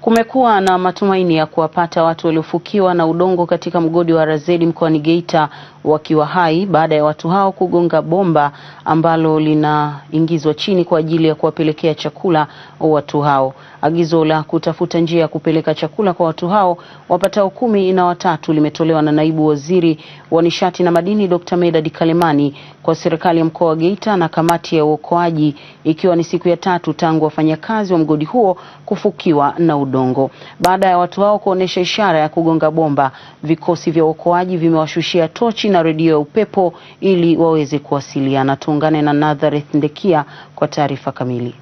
Kumekuwa na matumaini ya kuwapata watu waliofukiwa na udongo katika mgodi wa Razedi mkoani Geita wakiwa hai baada ya watu hao kugonga bomba ambalo linaingizwa chini kwa ajili ya kuwapelekea chakula watu hao. Agizo la kutafuta njia ya kupeleka chakula kwa watu hao wapatao kumi na watatu limetolewa na naibu waziri wa nishati na madini Dr. Medad Kalemani kwa serikali ya mkoa wa Geita na kamati ya uokoaji, ikiwa ni siku ya tatu tangu wafanyakazi wa mgodi huo kufukiwa na udongo. Baada ya watu hao kuonesha ishara ya kugonga bomba, vikosi vya uokoaji vimewashushia tochi na redio ya upepo ili waweze kuwasiliana. Tuungane na Nazareth Ndekia kwa taarifa kamili.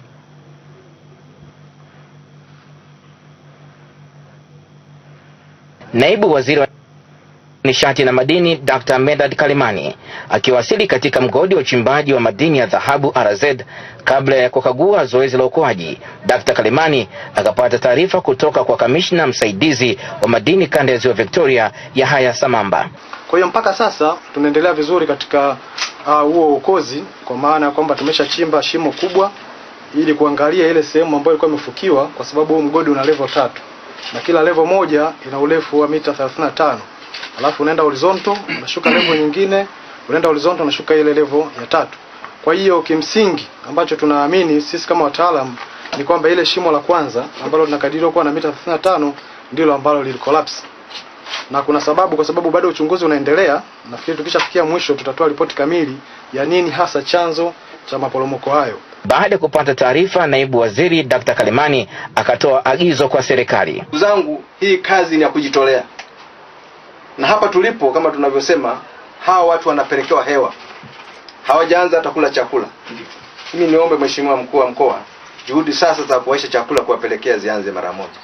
Naibu Waziri wa Nishati na Madini Dr. Medad Kalemani akiwasili katika mgodi wa uchimbaji wa madini ya dhahabu RZ kabla ya kukagua zoezi la uokoaji. Dr. Kalemani akapata taarifa kutoka kwa kamishna msaidizi wa madini kanda ya Ziwa Victoria Yahaya Samamba. Kwa hiyo mpaka sasa tunaendelea vizuri katika uh, huo uh, uokozi kwa maana ya kwamba tumeshachimba shimo kubwa ili kuangalia ile sehemu ambayo ilikuwa imefukiwa kwa sababu huu mgodi una level tatu na kila level moja ina urefu wa mita 35. Alafu unaenda horizontal, unashuka level nyingine, unaenda horizontal, unashuka ile level ya tatu. Kwa hiyo kimsingi ambacho tunaamini sisi kama wataalam ni kwamba ile shimo la kwanza ambalo linakadiriwa kuwa na mita 35 ndilo ambalo lilikolapsi na kuna sababu, kwa sababu bado uchunguzi unaendelea. Nafikiri tukishafikia mwisho tutatoa ripoti kamili ya nini hasa chanzo cha maporomoko hayo. Baada ya kupata taarifa, naibu waziri Dr. Kalemani akatoa agizo kwa serikali. zangu, hii kazi ni ya kujitolea, na hapa tulipo kama tunavyosema, hawa watu wanapelekewa hewa, hawajaanza hata kula chakula. Mimi niombe mheshimiwa mkuu wa mkoa, juhudi sasa za kuwaisha chakula kuwapelekea zianze mara moja.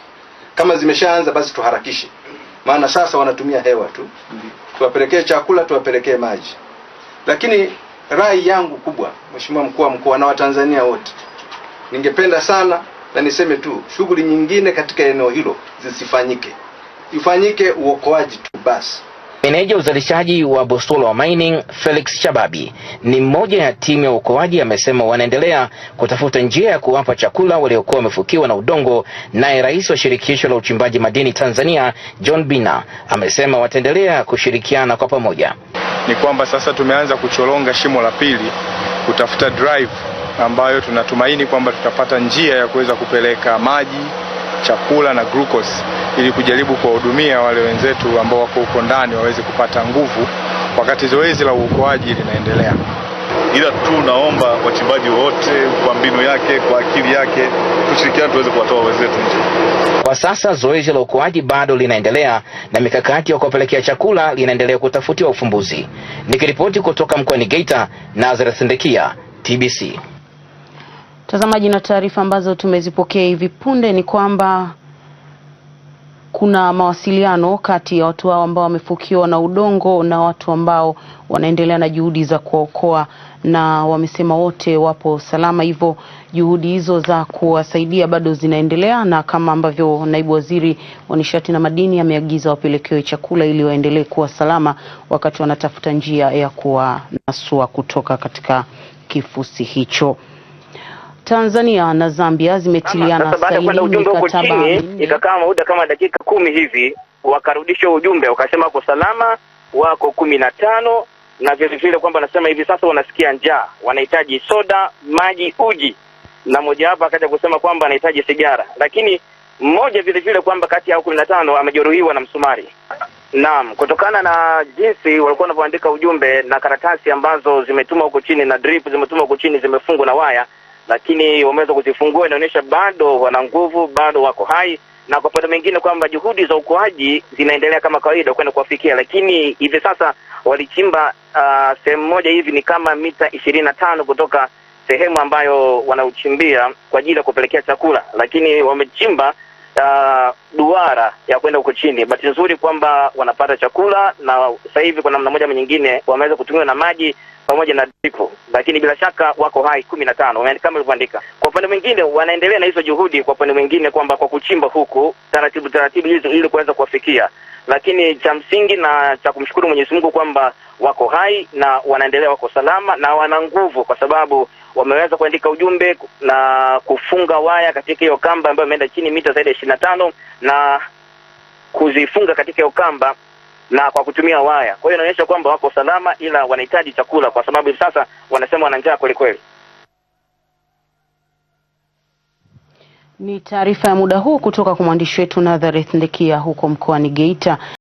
Kama zimeshaanza basi tuharakishe, maana sasa wanatumia hewa tu. Tuwapelekee chakula, tuwapelekee maji, lakini rai yangu kubwa, Mheshimiwa mkuu wa mkoa na Watanzania wote, ningependa sana na niseme tu, shughuli nyingine katika eneo hilo zisifanyike, ifanyike uokoaji tu basi. Meneja uzalishaji wa Bustula Mining Felix Shababi ni mmoja ya timu ya uokoaji, amesema wanaendelea kutafuta njia ya kuwapa chakula waliokuwa wamefukiwa na udongo. Naye rais wa shirikisho la uchimbaji madini Tanzania John Bina amesema wataendelea kushirikiana kwa pamoja. Ni kwamba sasa tumeanza kuchoronga shimo la pili kutafuta drive ambayo tunatumaini kwamba tutapata njia ya kuweza kupeleka maji chakula na glucose, ili kujaribu kuwahudumia wale wenzetu ambao wako huko ndani waweze kupata nguvu wakati zoezi la uokoaji linaendelea. Ila tu naomba wachimbaji wote kwa mbinu yake, kwa akili yake, tushirikiane tuweze kuwatoa wenzetu nje. Kwa sasa zoezi la uokoaji bado linaendelea na mikakati ya kuwapelekea chakula linaendelea kutafutiwa ufumbuzi. Nikiripoti kutoka mkoani Geita, Nazareth Sindekia, TBC. Mtazamaji, na taarifa ambazo tumezipokea hivi punde ni kwamba kuna mawasiliano kati ya watu hao ambao wamefukiwa na udongo na watu ambao wanaendelea na juhudi za kuwaokoa, na wamesema wote wapo salama, hivyo juhudi hizo za kuwasaidia bado zinaendelea, na kama ambavyo naibu waziri wa nishati na madini ameagiza wapelekewe chakula ili waendelee kuwa salama wakati wanatafuta njia ya kuwanasua kutoka katika kifusi hicho. Tanzania na Zambia zimetiliana saini mikataba ikakaa muda kama dakika kumi hivi, wakarudisha ujumbe wakasema wako salama, wako kumi na tano na vile vile kwamba nasema hivi sasa wanasikia njaa, wanahitaji soda, maji, uji, na mmoja wapo akaja kusema kwamba anahitaji sigara, lakini mmoja vile vile kwamba kati ya kumi na tano amejeruhiwa na msumari. Naam, kutokana na jinsi walikuwa wanavyoandika ujumbe na karatasi ambazo zimetuma huko chini na drip zimetuma huko chini, zimefungwa na waya lakini wameweza kuzifungua, inaonyesha bado wana nguvu, bado wako hai, na kwa upande mwingine kwamba juhudi za ukoaji zinaendelea kama kawaida kwenda kuwafikia, lakini hivi sasa walichimba uh, sehemu moja hivi ni kama mita ishirini na tano kutoka sehemu ambayo wanauchimbia kwa ajili ya kupelekea chakula, lakini wamechimba uh, duara ya kwenda huko chini. Bahati nzuri kwamba wanapata chakula, na sasa hivi kwa namna moja ama nyingine wameweza kutumiwa na maji pamoja na Dipo, lakini bila shaka wako hai kumi na tano kama ulivyoandika. Kwa upande mwingine, wanaendelea na hizo juhudi kwa upande mwingine, kwamba kwa kuchimba huku taratibu taratibu hizo ili kuweza kuwafikia, lakini cha msingi na cha kumshukuru Mwenyezi Mungu kwamba wako hai na wanaendelea, wako salama na wana nguvu, kwa sababu wameweza kuandika ujumbe na kufunga waya katika hiyo kamba ambayo imeenda chini mita zaidi ya ishirini na tano na kuzifunga katika hiyo kamba na kwa kutumia waya. Kwa hiyo inaonyesha kwamba wako salama, ila wanahitaji chakula, kwa sababu hivi sasa wanasema wana njaa kweli kweli. Ni taarifa ya muda huu kutoka kwa mwandishi wetu Nazareth Ndekia huko mkoani Geita.